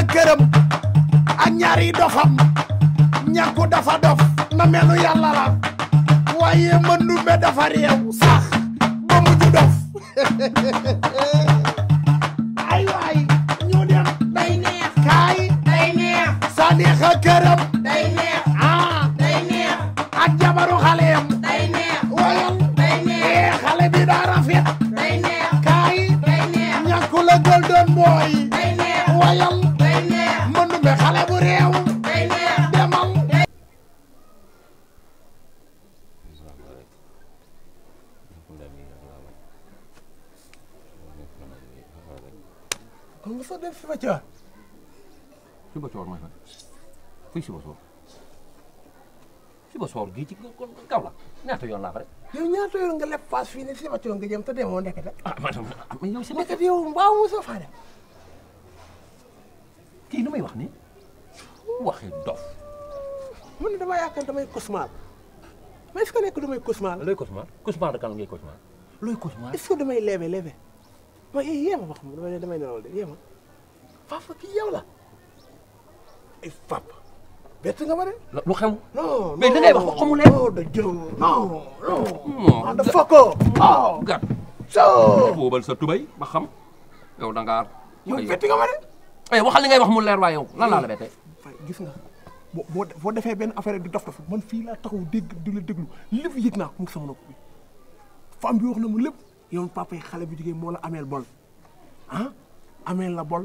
ak këram ak ñaari dofam ñàkku dafa dof na melu yàlla la waaye mëndumbe dafa réew dof Sibacoor. Sibacoor mooy fan fii Sibacoor Sibacoor gii ci kaw la yoon laa fa rek. yow ñaata yoon nga leb paas fii ne Sibacoor nga jëm te demoo ndekete. ah maanaam mais yow si ndekete yow mbaa mu sa faa dem. kii nu muy wax nii waxi dof. mun na damaa yaakaar damay cosmal mais est-ce que looy cosmal cosmal kan ngay cosmal. looy cosmal est-ce que ma wax ma damay damay nelaw de yéema. Fafa kii yow la ay Fap bett nga ma de. lu xew. non non mais da ngay wax xamu leen. non da hmm. oh. sa tubay ba xam yow da ngaa. yow bett nga ma de. eh waxal li ngay wax mu leer waaye yow lan laa la bette. gis nga. boo boo defee benn affaire du dof dof man fii laa taxaw dégg di la déglu lépp yëg naa ko mu sama nopp bi femme bi wax na mu lépp yow papa xale bi jigéen moo la ameel bol ah ameel la bol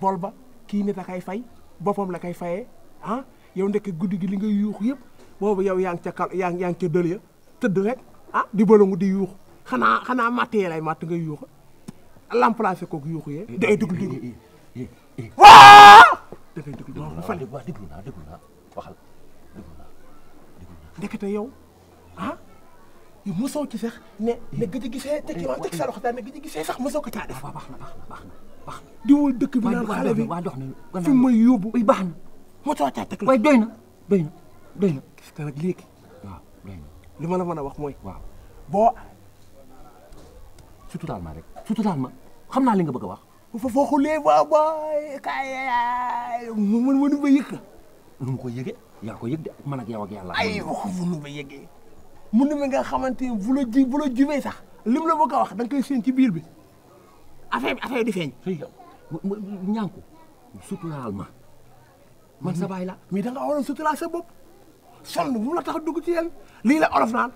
bol ba kii nit a koy fay boppam la koy fayee ah yow ndekk guddi gi li nga yuuxu yëpp boobu yow yaa ngi ca kal yaa ngi ca dël ya tëdd rek ah di bolongu di yuuxu xanaa xanaa matt yee lay matt nga yuux remplacé koog yuuxu yee. day dugg dugg waaw. da ngay dugg yow mosoo ci sax ne ne gëj a gisee teg a gisee sax mosoo ko caa def. waaw ah, na baax na baax na baax na. dëkk bi naan xale bi fi mu may bu oui baax na mosoo caa teg la. waaye doy na doy na doy na. gis nga nag léegi. waaw doy na li man a man a wax mooy. waaw boo. surtout rek surtout ma xam naa li nga bëgg a wax. fo foo xoolee ba booy kaay mu mën mënu ba yëg. nu mu ko yëgee yaa ko yëg de man ak yow ak yàlla. ay waxu mënu ba yëgee. mun ne ma nga xamante ni bu la ji bu la jubee sax lim la bëgg a wax da nga koy séen ci biir bi affaire bi affaire di feeñ. ñànku suturaal ma man sa baay la mais da nga war a suturaal sa bopp sonn bu la tax dugg ci yéen lii la olof naan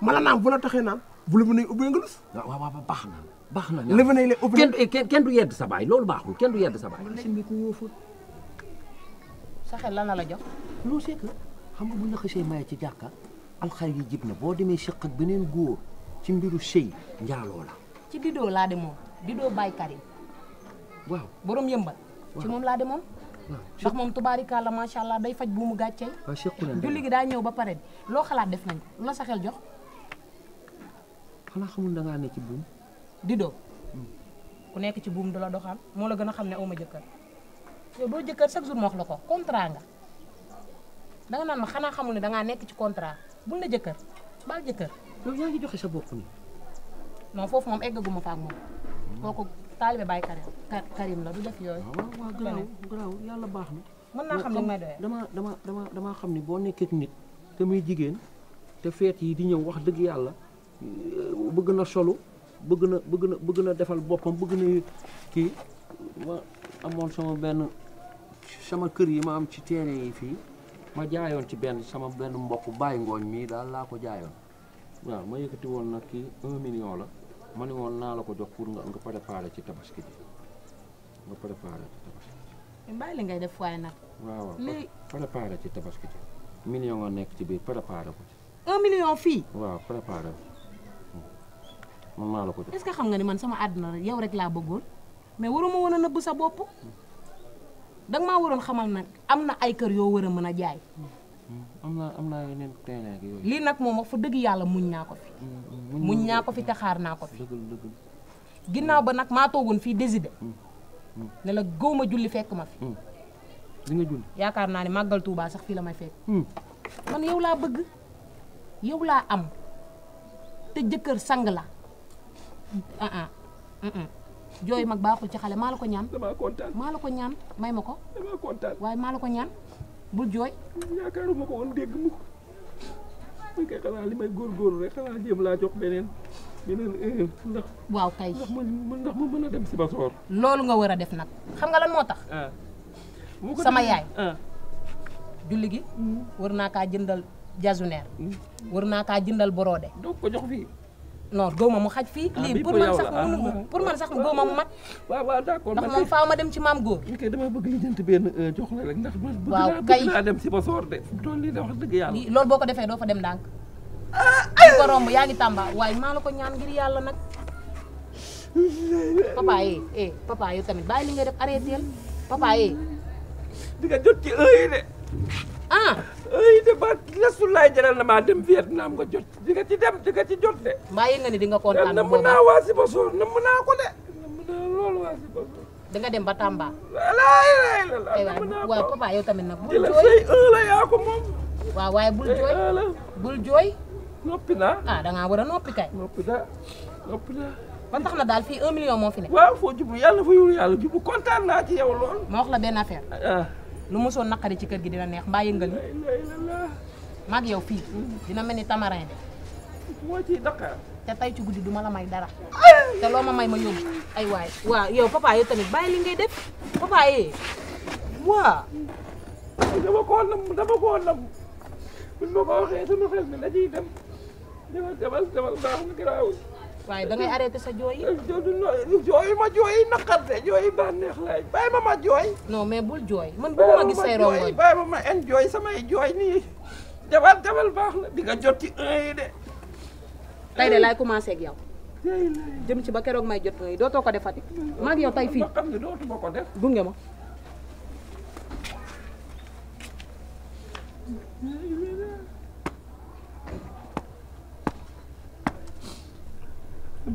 mala naan bu la taxee naan bu la mënee ubbee nga lus. waaw waaw baax na baax na. li ma ne kenn du yedd sa baay loolu baaxul kenn du yedd sa baay. machine bi ku wóoful. sa xel lan la la jox. xam nga buñ la xësee ci jàkka. alxar yi jib na boo demee sëq ak beneen góor ci mbiru sëy njaaloo la ci didoo laa demoon didoo Baye Karim waaw borom yëmbal ci moom laa demoon ndax moom tubaarikàlla macha allah day faj buumu gàccee julli gi daa ñëw ba pare bi loo xalaat def nañ ko la sa xel jox xanaa xamul dangaa ne ci buum didoo hmm. nekk ci buum du doxaan moo la gën a xam ne awma jëkkër yow doo jëkkër chaque jour ma la ko contrat nga danga naan ma xanaa xamul ne dangaa nekk ci contrat bul na jëkkër baal jëkkër. yow yaa ngi joxe sa bopp nii. non foofu moom eggaguma fa ak moom. ko taalibe Baye Karim Karim la du def yooyu. Ah, waaw waaw garaaw garaaw yàlla baax na. mën naa xam ne dama dama dama dama xam ni boo nekkee nit te muy jigéen te feet yi di ñëw wax dëgg yàlla euh, bëgg na solo bëgg na bëgg na defal boppam bëgg na kii ma amoon sama benn sama kër yi ma am ci tere yi fii. ma jaayoon ci benn sama benn mbokk bàyyi ngooñ mii daal laa ko jaayoon waaw ma yëkkati woon nag kii un la ma ne woon naa la ko jox pour nga nga préparé ci tabaski ji nga li ngay def waaye nag. waaw waaw préparé ci tabaski ji. million nga nekk ci biir préparé ko ci. un million fii. waaw préparé man maa la ko jox. est xam nga ni man sama àdduna yow rek laa bëggoon mais waruma woon nëbb sa bopp. danga maa waroon xamal nag am na ay kër yoo war a mën a jaay. Hmm. am lii nag moom wax fa dëgg yàlla muñ naa ko fi. Hmm, hmm. muñ naa ko fi te xaar naa ko fi. ginnaaw ba nag maa toogoon fii décidé. ne la góob ma julli fekk ma fi. yaakaar naa ne màggal Tuubaa sax fii la may fekk. man yow laa bëgg yow laa am te jëkkër sang la ah, ah. jooy mag baaxul ci xale maa la ko ñaan. damaa kontaan maa la ko ñaan may ma ko. damaa kontaan waaye maa la ko ñaan bu jooy. yaakaaruma ko woon ko man kay xanaa may góorgóorlu rek xanaa laa jox beneen eh, waaw kay ndax ndax ma mën a dem si ba loolu nga war a def nag xam nga lan moo tax. Ah. sama yaay. Ah. julli gi hmm. war naa kaa jëndal jasuneer hmm. war naa kaa jëndal borode. non gaw mu xaj fii ah, lii ah. pour man sax mënu pour man ma mu mat waaw waaw d'accord ndax moom faaw ma dem ci maam góor kay dama bëgg li jënt benn euh, jox la rek dem si ba soor de tool lii de wax dëgg yàlla boo ko defee doo fa dem ndànk ah, di ko romb yaa ngi tàmba waaye maa la ko ñaan ngir yàlla nag papa yi eh, eh papa yi tamit bàyyi li eh. nga def arrêté papa yi di jot ci heure de ah ay de ba Rasulullah jaral na maa dem Vietnam nga jot di nga ci dem di nga ci jot de. mbaa yëg nga ni di nga na mën naa ko de. dem ba Tamba. walaay la la waaw papa waaye bul jooy bul jooy. noppi naa ah da na daal fii un million moo yàlla yàlla jublu kontaan naa ci yow lool. ma wax la benn affaire. Ah. lu mosoon naqari ci kër gi dina neex mbaa yëngal maag yow fii dina mel ni tamarin de moo ciy daqaar te tey ci guddi du ma la may dara te loo ma may ma yóbbu ay waay waaw yow papa yow tamit bàyyi li ngay def papa yee eh. waaw dama koo nam dama koo nam buñ ma ko waxee sama xel mi da ciy dem demal demal demal baax na garaawul waaye da ngay arrêté sa jooy yi. jooy ma jooy yi naqar de jooy yi bànneex laay bàyyi ma ma jooy. non mais bul jooy man bu ma gis say rongoñ. bàyyi ma ma en jooy samay jooy nii jabal jabal baax na digga jot ci un yi de. tey de laay commencé ak yow. jëm ci ba keroog may jot un yi dootoo ko defati. maa ngi yow tey fii. dootuma ko def gunge ma.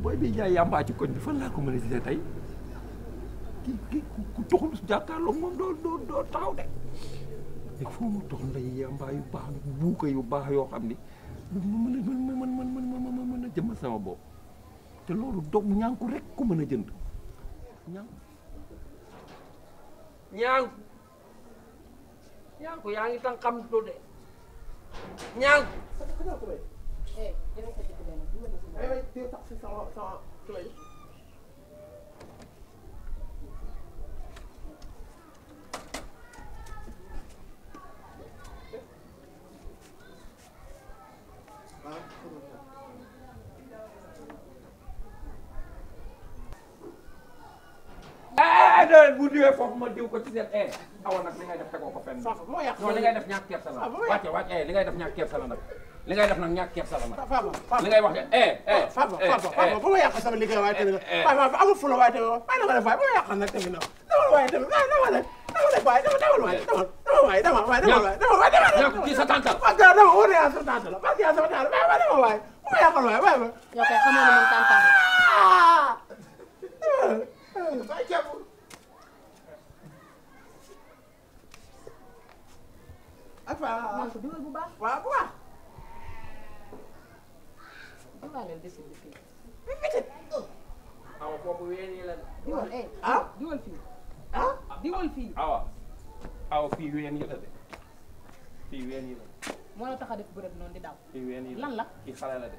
booy bi jaay yàmbaa ci koñ bi fan laa ko mën a gisee tey ki ki ku toxul jàkkaarloo moom doo doo doo taxaw de il faut mu tox nday yàmbaa yu baax buuka yu baax yoo xam ni mën a mën mën mën mën mën a jëmmal sama bopp te loolu dog ñànku rek ku mën a jënd ñànku ñànku ñànku yaa ngi tan xam de ñànku eh, Eh, eh, bu diwee foofu ma diw ko ci seen e eh, awa nag li ngay def tegoo ko fenn. moo yàq li ngay def ñàkk kersa la. wàcce wàcce li ngay def ñàkk kersa la nag. li ngay def nag ñàkk kepp sa la ma li ngay wax eh eh Farba Farba eh, eh, bu ma yàq sama liggéey waaye tamit eh, Farba amul fula waaye tamit waaye dama def waaye bu ma yàq nag tamit nag dama waaye tamit waaye dama def dama def waaye dama dama waaye dama dama waaye dama waaye dama waaye dama waaye dama ñàkk ci sa tànta la parce que dama wóor yaa sa tànta la parce que yaa sama tànta la waaye dama waaye bu ma yàqal waaye waaye yow kay xamoo ne moom tànta la Afa, ah! waaw bu baax waaw bu baax awa kooku ween yi la de. ah diwal fii. ah diwal fii. awa awa fii ween yi la de fii ween yi la de. moo la tax a def bërëb noonu di daw. fii ween yi lan la kii xale la de.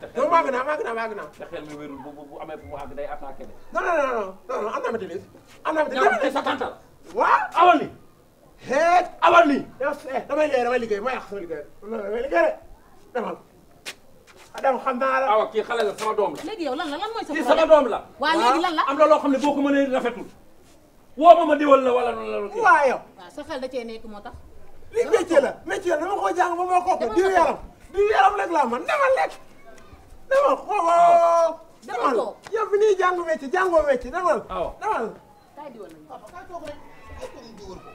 te xel mi màgg naa màgg naa màgg naa. te xel mi wérul bu bu amee fu mu àgg day attaqué de. non non non non non am naa ma tamit. am naa ma tamit yow sa tante la. waaw awal li. xeet awal li. Eh, damay liggéey damay liggéey ma yàq sama liggéey damay liggéey de. Adam xam naa la awa kii xale la sama doom la. léegi yow lan la lan mooy sa problème sama doom la. waaw léegi lan la ah, am na loo xam ne boo ko mënee rafetul. woo ma ma diwal la wala noonu la la. waaw yow waaw sa xel da cee nekk moo tax. li métier la métier la dama ko jàng ba ma ko ko diw yaram diw yaram rek laa man dama lekk dama xooloo. dama ko yow bi nii jàng métier jàngoo métier dama la. waaw dama la. kaay diwal la papa kaay toog rek kaay toog diwal ko.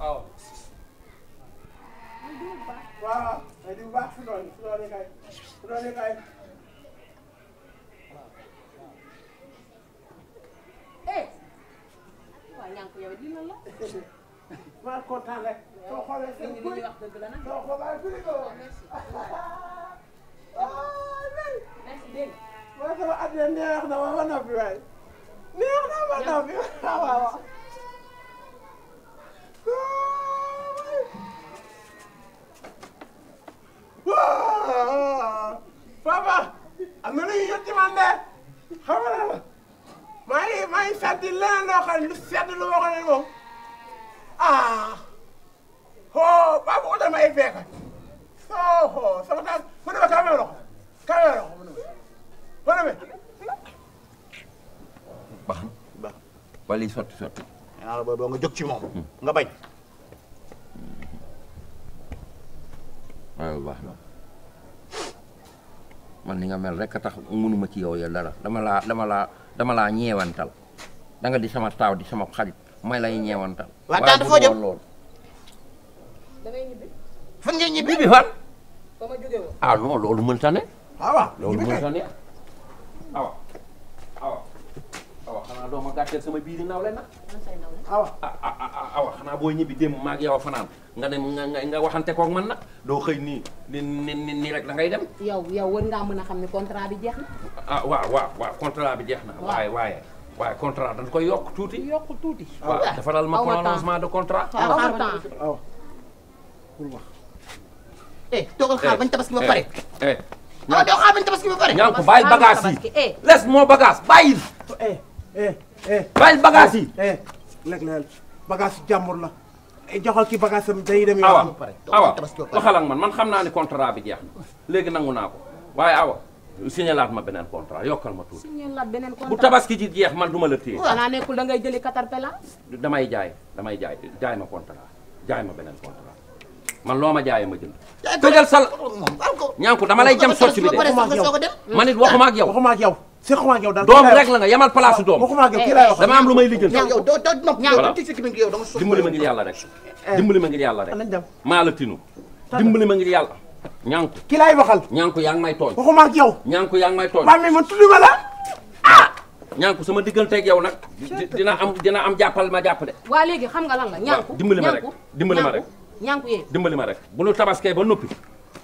waaw. waaw di bu baax si doon si kay si doon kay eh waaw di lan la maa kontaan rek soo xoolee seen li ñuy wax dëgg la nag soo xoolee fii ko merci dégg nga waaw sama at neex na ma ma waaw papa am na lu ñu jot ci man de xam nga la maa ngi maa ngi fedd leneen loo xam ne lu sedd lu waxoon ne moom ah oh papa utal ma ay beeka oh sama taal mu demee kaamee loxo kaamee loxo mu demee mu demee. baax na baax na. wala yi sotti sotti. yaa ngi boo nga jóg ci moom hmm. nga bañ. waaw baax man ni nga mel rek a tax mënuma ci yow ya dara dama laa dama laa dama laa ñeewantal da di sama taaw di sama xarit may lay ñeewantal. waaw tant foo jëm loolu. ngay ñibbi. fan ngay ah, loolu mënta ne. Ah, waaw loolu mënta ne awa awa awa xanaa doo awa xanaa boo ñibbi démb maag a fanaan nga dem waxante koog man na doo xëy nii ni ni nii rek la ngay dem. yow yow war ngaa mën a xam ne contrat bi jeex na. ah waaw waaw waaw bi jeex na. waaye waaye. waaye contrat dañ koy yokk tuuti. yokk tuuti. waaw dafa dal ma prolongement de contrat. aw ma temps aw pour wax. eh toogal eh. bañ tabaski ba pare. eh non eh. doo bañ tabaski ba pare. ñaan ko bàyyil yi eh. les moo bagage bàyyil. eh eh yi. bagage jàmbur la eh, joxal ki bagage am day dem. awa awa waxal ak man man xam naa ne contrat bi jeex na léegi nangu naa ko waaye awa. signalaat ma beneen contrat yokkal ma tuuti. beneen contrat bu tabaski ji jeex man du la téye. xanaa nekkul da ngay jëli caterpillar. damay jaay damay jaay jaay ma contrat jaay ma beneen contrat man loo ma jaay ma jënd. tëjal sal ñaanku dama lay jam socc bi de. man it waxuma ak yow waxuma Cheikh Oumar Gueye daal doom rek la nga yamal place doom eh, dama am lu may lijjanti yow doo doo eh. dimbali ma ngir yàlla rek ah, dimbali ma ngir yàlla rek maa la tinu dimbali ma ngir yàlla ñànku ki laay waxal ñànku yaa ngi may tooñ waxuma ak yow ñànku yaa ngi may tooñ waaw mais man tuddu ma la ah ñànku sama digganteeg yow nag dina am dina am jàppal ma jàpp de waa léegi xam nga lan la ñànku dimbali ma rek dimbali ma rek ñànku yee dimbali ma rek bu nu tabaskee ba noppi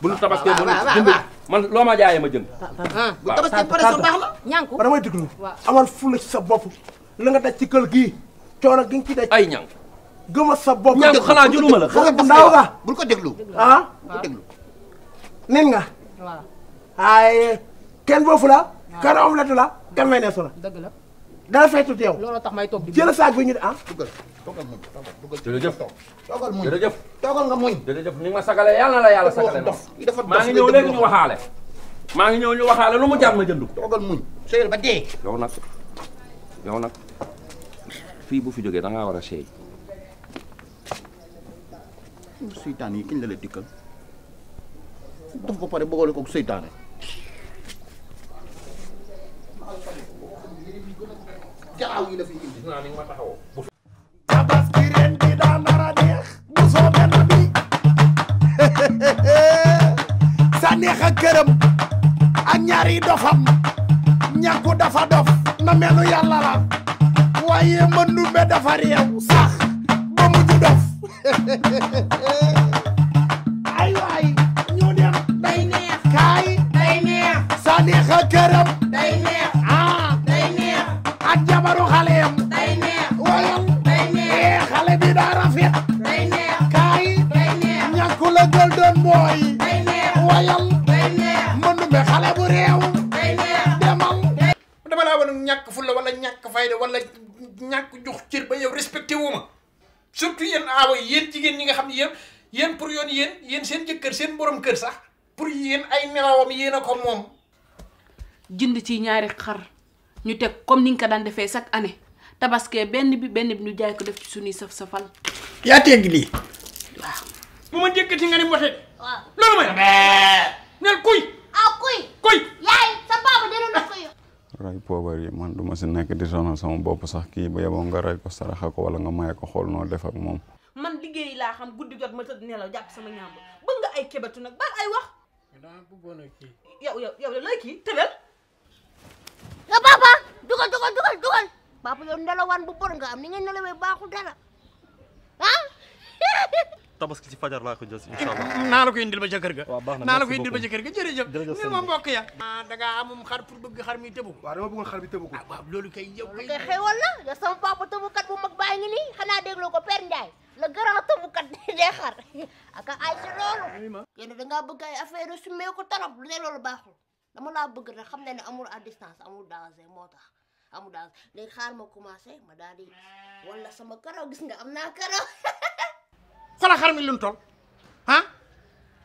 bu nu tabaskee mën a jënd man loo ma jaayee ma jënd. Ah, ah, ah. bu tabaskee pare sa baax la ñànku damay déglu amal fulla ci sa bopp la nga daj ci kël gii coono gi nga ci daj ay ñànku gëma sa bopp ñànku xanaa jëluma la xale bu ndaw bu bul ko déglu ah bul déglu nen nga waaw kenn boofu la kenn omelette la kenn may neesu la dara feetul teew loolu tax may toog di jël saag bi ñu ah. dugal toogal muñ dugal jërëjëf toogal muñ jërëjëf toogal nga muñ jërëjëf ni nga ma sagale yàlla la yàlla sagale noonu maa ngi ñëw léegi ñu waxaale maa ngi ñëw ñu waxaale lu mu jaar ma jënd toogal muñ sëyal ba dee yow nag fii bu fi jógee da ngaa war a seey seytaan yi kiñ la la dikkal ba pare bëggoole koog seytaane taxaw yi la fi indi. naa ni ma taxawoo. tabaski ren gi daa nar a neex bu soobee na bi sa neex ak këram ak ñaari dofam ñàkku dafa dof na melu yàlla la waaye dafa réew yéen seen jëkkër seen borom kër sax pour yéen ay nelawam yéen a ko moom. jënd ci ñaari xar ñu teg comme ni nga ko daan defee chaque année tabaskee benn bi benn bi ñu jaay ko def ci suñuy saf-safal. yaa tegg lii. waaw. bu ma jëkkati nga ni mbote. loolu mooy. Ah, sa papa delloo ma si nekk di sonal sama bopp sax kii ba yeboo nga ray saraxa ko wala nga maye ko xool noo def moom. man liggéey laa xam guddi jot ma tëdd nelaw jàpp sama ñaam bëgg nga ay kébatu nag ba ay wax. dama bëggoon a kii. yow yow yow lay kii tëral. nga papa dugal dugal dugal dugal papa yow nelawaan bu bon nga am ni nga nelawee baaxul dara ah. tabaski ci fajar laa ko jël incha allah. naa la ko indil ba ca ga. waaw baax na naa la ko ca kër ga jërëjëf. jërëjëf sëñ bi ma mbokk ya. ah da ngaa amum xar pour bëgg xar mi tëbu. waaw dama bëggoon xar mi ah, loolu kay yow la. yow sama papa tëbukat bu mag baa ngi nii xanaa dégloo ko Père la grand tëbu day xar aka ay si loolu yéen dangaa bëgg ay affaire su mee ko tarop lu ne loolu baaxul dama laa bëgg rek xam ne ne amul à distance amul danger moo tax amul danger xaar ma commencé ma daal di wala sama karaw gis am naa karaw xoolal xar mi lu mu toll ah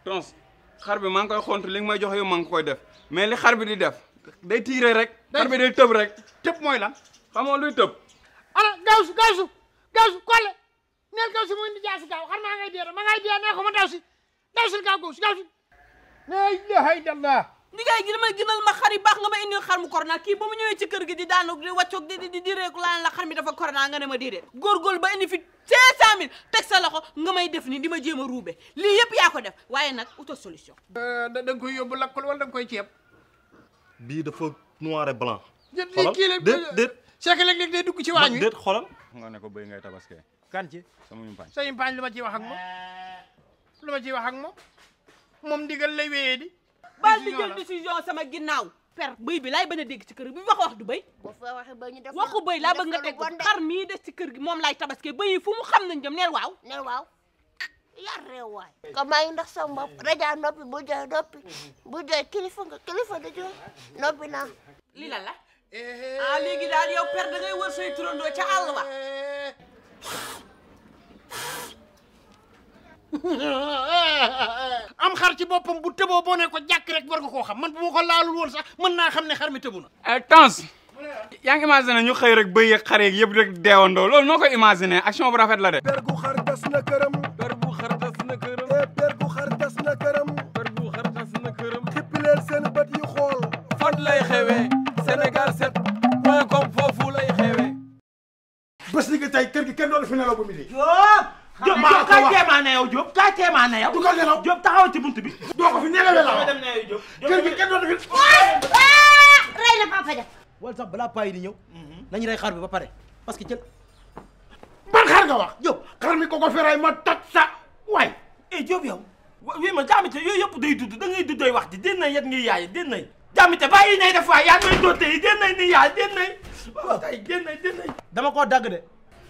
tons xar bi maa ngi koy xontu li may jox yow maa ngi koy def mais li xar bi di def day tiire rek xar bi day tëb rek tëb mooy lan xamoo luy tëb ana gawsu gawsu gawsu kole neel kaw si mu indi jaasi gaaw xar maa ngay dee ma ngay dee nee ko ma daw si daw si gaaw si gaaw si la ilaha illallah ndigaay gi damay gënal ma xar yi baax nga ma indi xar mu korona kii ba mu ñëwee ci kër gi di daanu di wàccoog di di di réeku laa la xar mi dafa korona nga ne ma déedéet ba indi fi cinq cent mille teg sa loxo nga may def ni di ma jéem a ruube lii yëpp yaa ko def waaye nag auto solution euh, da nga koy yóbbu lakkul wala da nga koy ceeb bii dafa noir et blanc déet déet c'est que léeg-léeg day dugg ci waañ wi déet nga ne ko bëy ngay tabaskee kan ci sama yumpaañ lu ma ciy wax ak moom lu ma ciy wax ak moom moom la lay wéyee di baal di jël décision sama ginnaaw per bëy bi laay bañ a dégg ci kër gi bu wax wax du bëy waxu bëy laa bëgg nga teg xar mii des ci kër gi moom laay tabaske bëy yi fu mu xam nañ jëm neel waaw neel waaw ah, yar réew waay ko maa ngi ndax sama bopp rajaa noppi bu jooy noppi bu jooy kilifa nga kilifa da jooy noppi naa lii lan ah, daal yow per da ngay wër say turandoo ca àll am xar ci boppam bu tëboo boo ne ko jàkk rek war nga koo xam man bu ma ko laalul woon sax mën naa xam ne xar mi tëbu na eh, tans yaa ngi imaginer ñu xëy rek bëy yeeg xar yeeg yëpp rek deewandoo loolu noo ko imaginer action bu rafet la de ber gu xar tas na këram ber gu xar tas na këram ber eh, gu xar tas na këram ber gu xar tas na këram seen bët yi xool ana yow. dugal nelaw Diop taxawal ci buntu bi. doo ko fi nelawee la dem na Diop. kër gi ah! balaa paa di ñëw. Mhm. nañu rey xar bi ba pare parce que ca. ban xar nga wax Diop. xar mi ko ko fi ma toj sa waay. eh Diop yow. wii ma jaamite yooyu yëpp day dudd da ngay duddoy wax ji den na yet ngay yaay den na jaamite bàyyi nay def waay yaa may doote yi den na ni yaay den nay waaw tay den nay den nay dama koo dagg de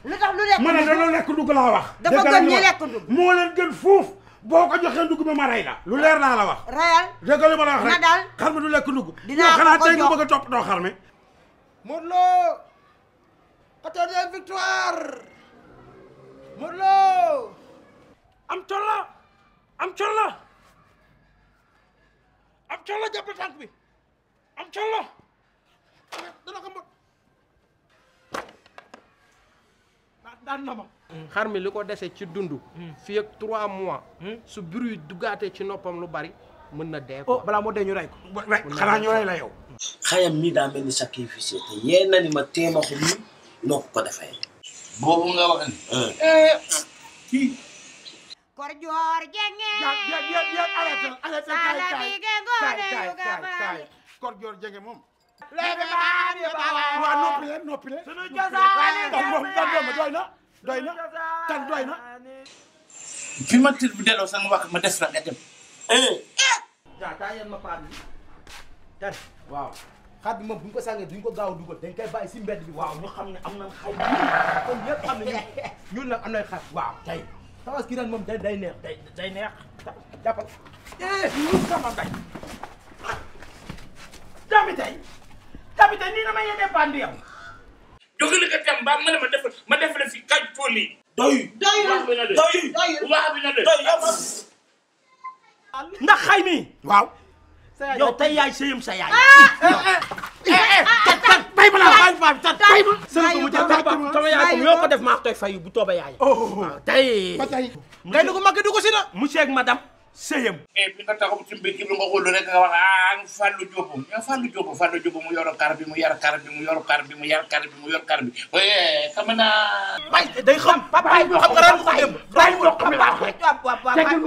lu tax lu lekk dugg ma ne dana lekk dugg laa wax dafa gën ñu lekk dugg moo leen gën fuuf boo ko joxee ndugg bi ma rey lu leer laa la wax. reyal dégg li ma la wax rek na daal xar mi du lekk ndugg. dinaa ko ko jox xanaa tey nga bëgg a topp doo xar mi. Modou Lo quatorzième victoire Modou Lo am col am col la am col am col la dana ko mbot daan na ma. xar mi li ko desee ci dund. Hmm. fii ak trois mois. Hmm. su bruit duggaatee ci noppam lu bari mën na dee ko. oh balaa moo dee ñu rey ko. xanaa ñu rey la yow. xayam mi daa sa ni sacrifice te yee na ma téema noo ko defee. boobu nga wax eh. Eh. kor joor jenge. arrêté arrêté kaay kaay kaay kaay kor joor jenge moom. léegi baal yi ba waaw noppi leen noppi leen. doy na tan doy na fi ma tir bi delloo sama wax ma des la nga dem daa eh. taa yeen ma paan bi tan waaw xar bi moom bu ñu ko sàngee duñ ko gaaw dugal dañ koy bàyyi si mbedd bi waaw ñu xam ne am nañ xar kon yëpp xam ne ñun nag am nañ xar waaw tey tabaski ren moom day day neex day day neex jàppal eh sama day tamit ah. tey tamit tey nii na ma yéene paan bi yow jógale ko dem ba ma ne ma def ma def la fi kaj tool yi. doyul doyul doyul doyul doyul wax bi na de ndax xay mi. waaw. yow tey yaay sëyam sa yaay. bay ma la bay ma la bay ma. sëñ bi sama yaay ñoo ko def maa tooy fayu bu tooba yaay. tey. tey lu ko mag du ko si na. monsieur ak madame. sëyam e bi nga a ci mbir bi nga xool rek nga wax ah Fallou Diop ñoo Fallou Diop Fallou Diop mu yor kar bi mu yar kar bi mu yor kar bi mu yar kar bi mu yor kar bi waaye xam naa bay day xam papa xam nga ran ko dem bay ko xam la rek waaw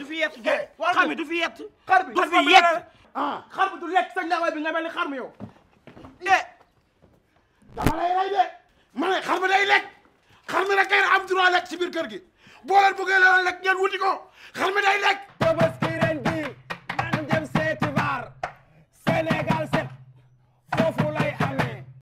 du fi yett xam du fi yett xar bi du fi yett ah xar bi sa ñaaway bi nga mel ni xar mu yow dama lay rey de ma ne xar mi day lekk xar mi rek kay am droit lekk ci biir kër gi boo leen bëggee la lekk ngeen wuti ko xar mi day lekk. Tabaski ren bi nan dem seeti baar Sénégal.